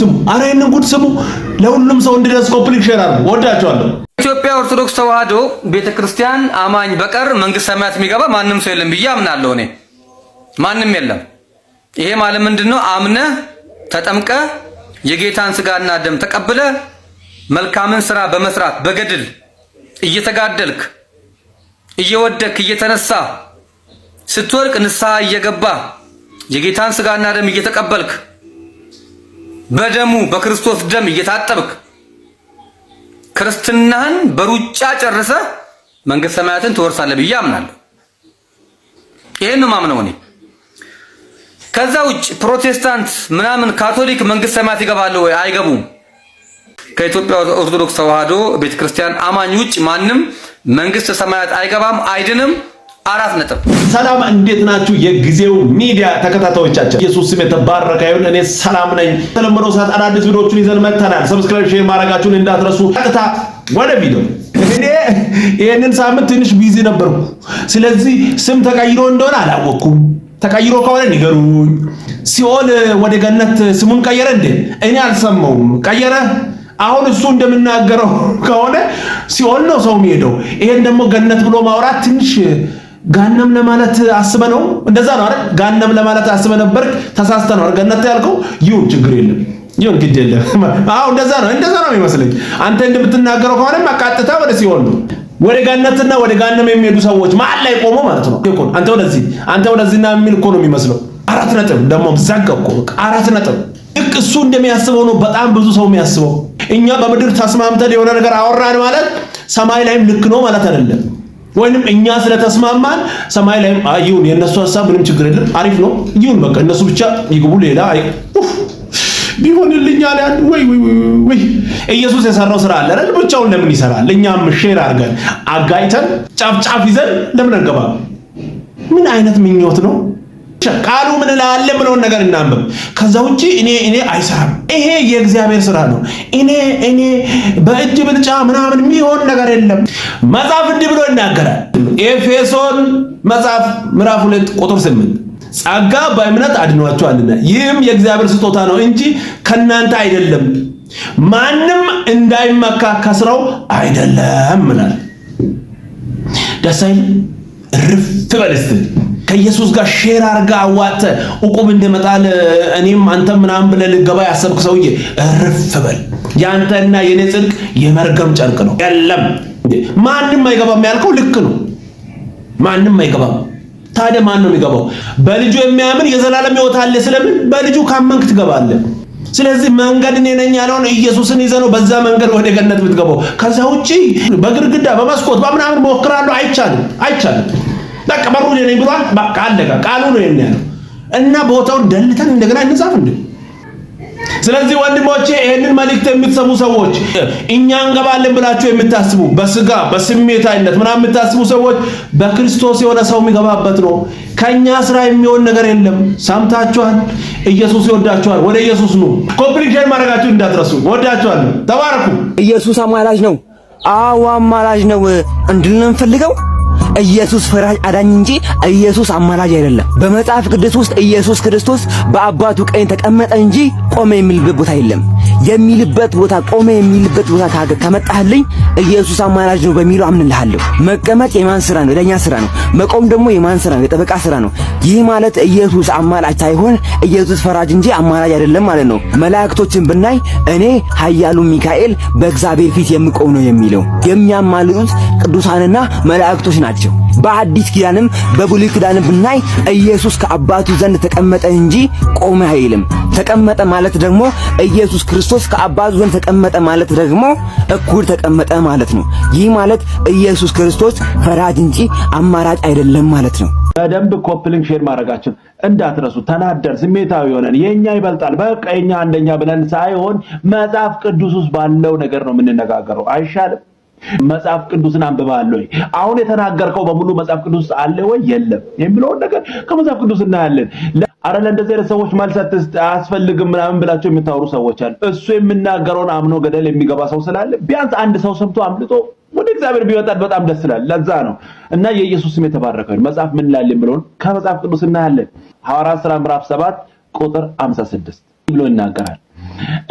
ስሙ። አረ ይህንን ጉድ ስሙ። ለሁሉም ሰው እንዲደርስ ኮፕሊክ ሼር አድርጉ። ወዳቸዋለሁ። ኢትዮጵያ ኦርቶዶክስ ተዋህዶ ቤተክርስቲያን አማኝ በቀር መንግስት ሰማያት የሚገባ ማንም ሰው የለም ብዬ አምናለሁ። እኔ ማንም የለም። ይሄ ማለት ምንድነው? አምነ ተጠምቀ የጌታን ስጋና ደም ተቀብለ መልካምን ስራ በመስራት በገድል እየተጋደልክ እየወደክ እየተነሳ ስትወርቅ ንስሐ እየገባ የጌታን ስጋና ደም እየተቀበልክ በደሙ በክርስቶስ ደም እየታጠብክ ክርስትናህን በሩጫ ጨርሰ መንግስት ሰማያትን ትወርሳለህ ብዬ አምናለሁ። ይሄን ነው ማምነው እኔ። ከዛ ውጭ ፕሮቴስታንት ምናምን ካቶሊክ መንግስት ሰማያት ይገባሉ ወይ? አይገቡም። ከኢትዮጵያ ኦርቶዶክስ ተዋህዶ ቤተክርስቲያን አማኝ ውጭ ማንም መንግስት ሰማያት አይገባም፣ አይድንም። አራት ነጥብ። ሰላም እንዴት ናችሁ? የጊዜው ሚዲያ ተከታታዮቻችን ኢየሱስ ስም የተባረከ ይሁን። እኔ ሰላም ነኝ። ተለምደው ሰዓት አዳዲስ ቪዲዮዎችን ይዘን መጥተናል። ሰብስክራይብ፣ ሼር ማድረጋችሁን እንዳትረሱ። ቀጥታ ወደ ቪዲዮ እኔ ይህንን ሳምንት ትንሽ ቢዚ ነበርኩ። ስለዚህ ስም ተቀይሮ እንደሆነ አላወቅኩም። ተቀይሮ ከሆነ ንገሩኝ። ሲኦል ወደ ገነት ስሙን ቀየረ እንዴ? እኔ አልሰማውም። ቀየረ? አሁን እሱ እንደምናገረው ከሆነ ሲኦል ነው ሰው የሚሄደው። ይሄን ደግሞ ገነት ብሎ ማውራት ትንሽ ጋነም ለማለት አስበ ነው። እንደዛ ነው አይደል? ጋነም ለማለት አስበ ነበር፣ ተሳስተ ነው ገነት ያልከው። ይሁን ችግር የለም ይሁን ግድ የለም። አዎ እንደዛ ነው እንደዛ ነው የሚመስለኝ። አንተ እንደምትናገረው ከሆነ አቃጥታ ወደ ሲሆን ነው ወደ ጋነትና ወደ ጋነም የሚሄዱ ሰዎች መሀል ላይ ቆሞ ማለት ነው። እኮ አንተ ወደዚህ አንተ ወደዚህና የሚል እኮ ነው የሚመስለው። አራት ነጥብ ደግሞ ዛጋ እኮ አራት ነጥብ። ልክ እሱ እንደሚያስበው ነው በጣም ብዙ ሰው የሚያስበው። እኛ በምድር ተስማምተን የሆነ ነገር አወራን ማለት ሰማይ ላይም ልክ ነው ማለት አይደለም። ወይንም እኛ ስለተስማማን ሰማይ ላይ አይሁን፣ የእነሱ ሀሳብ ምንም ችግር የለም አሪፍ ነው ይሁን፣ በቃ እነሱ ብቻ ይግቡ፣ ሌላ አይ ቢሆንልኛ አለ ወይ ወይ ወይ ኢየሱስ የሰራው ስራ አለ አይደል? ብቻውን ለምን ይሰራል? እኛም ሼር አድርገን አጋይተን ጫፍ ጫፍ ይዘን ለምን አንገባም? ምን አይነት ምኞት ነው? ቃሉ ምን ላለ ምለውን ነገር እናንብብ። ከዛ ውጪ እኔ እኔ አይሰራም። ይሄ የእግዚአብሔር ስራ ነው። እኔ እኔ በእጅ ብልጫ ምናምን የሚሆን ነገር የለም። መጽሐፍ እንዲህ ብሎ ይናገራል። ኤፌሶን መጽሐፍ ምዕራፍ ሁለት ቁጥር ስምንት ጸጋ በእምነት አድኗቸዋልና ይህም የእግዚአብሔር ስጦታ ነው እንጂ ከእናንተ አይደለም፣ ማንም እንዳይመካ ከስራው አይደለም። ምላል። ደስ አይል? እርፍ ከኢየሱስ ጋር ሼር አርጋ አዋጠ እቁብ እንደመጣል እኔም አንተም ምናምን ብለህ ልገባ ያሰብክ ሰውዬ እርፍ በል። ያንተና የኔ ጽድቅ የመርገም ጨርቅ ነው። የለም ማንም አይገባም ያልከው ልክ ነው። ማንም አይገባም። ታዲያ ማን ነው የሚገባው? በልጁ የሚያምን የዘላለም ሕይወት አለ። ስለምን በልጁ ካመንክ ትገባለህ። ስለዚህ መንገድ እኔ ነኝ ያለውን ኢየሱስን ይዘህ ነው በዛ መንገድ ወደ ገነት የምትገባው። ከዛ ውጪ በግድግዳ በመስኮት በምናምን ሞክራለሁ፣ አይቻልም፣ አይቻልም። በቃ በሩ ነኝ ብሏል። በቃ አለቀ። ቃሉ ነው የሚያለው እና ቦታውን ደልተን እንደገና እንጻፍ እንዴ? ስለዚህ ወንድሞቼ ይህንን መልእክት የምትሰሙ ሰዎች እኛ እንገባለን ብላችሁ የምታስቡ በስጋ በስሜታዊነት ምናምን የምታስቡ ሰዎች በክርስቶስ የሆነ ሰው የሚገባበት ነው። ከኛ ስራ የሚሆን ነገር የለም። ሰምታችኋል። ኢየሱስ ይወዳችኋል። ወደ ኢየሱስ ኑ። ኮምፕሊኬት ማድረጋችሁ እንዳትረሱ። ወዳችኋል። ተባረኩ። ኢየሱስ አማላጅ ነው። አዎ አማላጅ ነው እንድንፈልገው ኢየሱስ ፈራጅ አዳኝ እንጂ ኢየሱስ አማላጅ አይደለም። በመጽሐፍ ቅዱስ ውስጥ ኢየሱስ ክርስቶስ በአባቱ ቀኝ ተቀመጠ እንጂ ቆመ የሚልበት ቦታ የለም። የሚልበት ቦታ ቆመ የሚልበት ቦታ ከመጣህልኝ ኢየሱስ አማላጅ ነው በሚለው አምንልሃለሁ። መቀመጥ የማን ስራ ነው? ለኛ ስራ ነው። መቆም ደግሞ የማን ስራ ነው? የጠበቃ ስራ ነው። ይህ ማለት ኢየሱስ አማላጅ ሳይሆን ኢየሱስ ፈራጅ እንጂ አማላጅ አይደለም ማለት ነው። መላእክቶችን ብናይ እኔ ኃያሉ ሚካኤል በእግዚአብሔር ፊት የምቆም ነው የሚለው የሚያማልዱት ቅዱሳንና መላእክቶች ናቸው። በአዲስ ኪዳንም በብሉይ ኪዳንም ብናይ ኢየሱስ ከአባቱ ዘንድ ተቀመጠ እንጂ ቆመ አይልም። ተቀመጠ ማለት ደግሞ ኢየሱስ ክርስቶስ ከአባቱ ዘንድ ተቀመጠ ማለት ደግሞ እኩል ተቀመጠ ማለት ነው። ይህ ማለት ኢየሱስ ክርስቶስ ፈራጅ እንጂ አማራጭ አይደለም ማለት ነው። በደንብ ኮፕሊንግ ሼር ማድረጋችን እንዳትረሱ። ተናደር ስሜታዊ ሆነን የኛ ይበልጣል በቃ የኛ አንደኛ ብለን ሳይሆን መጽሐፍ ቅዱስ ውስጥ ባለው ነገር ነው የምንነጋገረው። አይሻልም? መጽሐፍ ቅዱስን አንብባለ ወይ? አሁን የተናገርከው በሙሉ መጽሐፍ ቅዱስ አለ ወይ? የለም የሚለውን ነገር ከመጽሐፍ ቅዱስ እናያለን። አረ ለእንደዚህ አይነት ሰዎች ማልሳት አያስፈልግም ምናምን ብላቸው የምታወሩ ሰዎች አሉ። እሱ የሚናገረውን አምኖ ገደል የሚገባ ሰው ስላለ ቢያንስ አንድ ሰው ሰምቶ አምልጦ ወደ እግዚአብሔር ቢወጣል በጣም ደስ ይላል። ለዛ ነው እና የኢየሱስ ስም የተባረከ መጽሐፍ ምን ላለ የሚለውን ከመጽሐፍ ቅዱስ እናያለን። ሐዋርያት ሥራ ምዕራፍ 7 ቁጥር 56 ብሎ ይናገራል።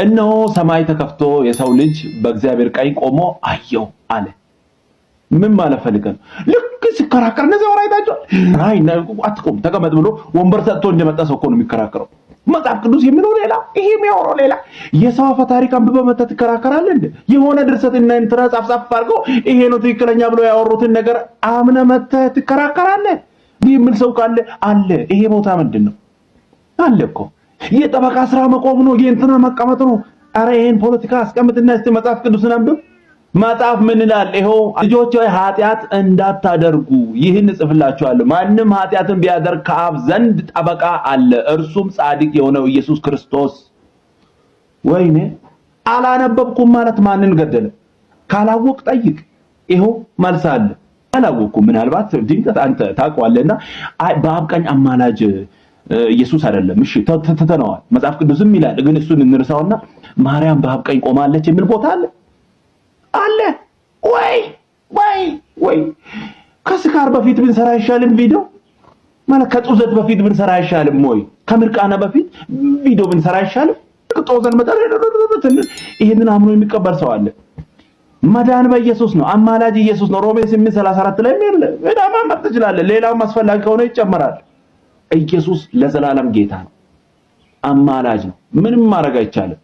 እነሆ ሰማይ ተከፍቶ የሰው ልጅ በእግዚአብሔር ቀኝ ቆሞ አየው አለ። ምን ማለት ፈልገ ነው? ሲከራከር እነዚህ ወራ አይታችኋል። አይ አትቆም ተቀመጥ ብሎ ወንበር ሰጥቶ እንደመጣ ሰው እኮ ነው የሚከራከረው። መጽሐፍ ቅዱስ የሚለው ሌላ፣ ይሄ የሚያወራው ሌላ። የሰው አፈ ታሪክ አንብበህ መተህ ትከራከራለህ እንዴ? የሆነ ድርሰት እና እንትና ጻፍ ጻፍ አድርገው ይሄ ነው ትክክለኛ ብሎ ያወሩትን ነገር አምነህ መተህ ትከራከራለህ። የሚል ሰው ካለ አለ። ይሄ ቦታ ምንድን ነው አለ እኮ የጠበቃ ስራ መቆም ነው፣ የእንትና መቀመጥ ነው። አረ ይሄን ፖለቲካ አስቀምጥና እስቲ መጽሐፍ ቅዱስን አንብብ። መጽሐፍ ምን ይላል? ይኸው ልጆች ሆይ ኃጢአት እንዳታደርጉ ይህን እጽፍላችኋለሁ። ማንም ኃጢአትን ቢያደርግ ከአብ ዘንድ ጠበቃ አለ፣ እርሱም ጻድቅ የሆነው ኢየሱስ ክርስቶስ። ወይኔ አላነበብኩም ማለት ማንን ገደለ? ካላወቅ ጠይቅ። ይኸው መልስ አለ። አላወቅኩም ምናልባት ድንገት አንተ ታውቀዋለህና በአብ ቀኝ አማላጅ ኢየሱስ አይደለም። እሺ ትተነዋል። መጽሐፍ ቅዱስም ይላል ግን እሱን እንርሳውና ማርያም በአብ ቀኝ ቆማለች የሚል ቦታ አለ አለ ወይ ወይ ወይ ከስካር በፊት ብንሰራ አይሻልም ቪዲዮ ማለት ከጡዘት በፊት ብንሰራ አይሻልም ወይ ከምርቃና በፊት ቪዲዮ ብንሰራ አይሻልም ጦዘን መጠረ ይሄንን አምኖ የሚቀበል ሰው አለ መዳን በኢየሱስ ነው አማላጅ ኢየሱስ ነው ሮሜ 34 ላይ የሚል እዳማ መጥ ትችላለህ ሌላውም አስፈላጊ ከሆነ ይጨመራል ኢየሱስ ለዘላለም ጌታ ነው አማላጅ ነው ምንም ማድረግ አይቻልም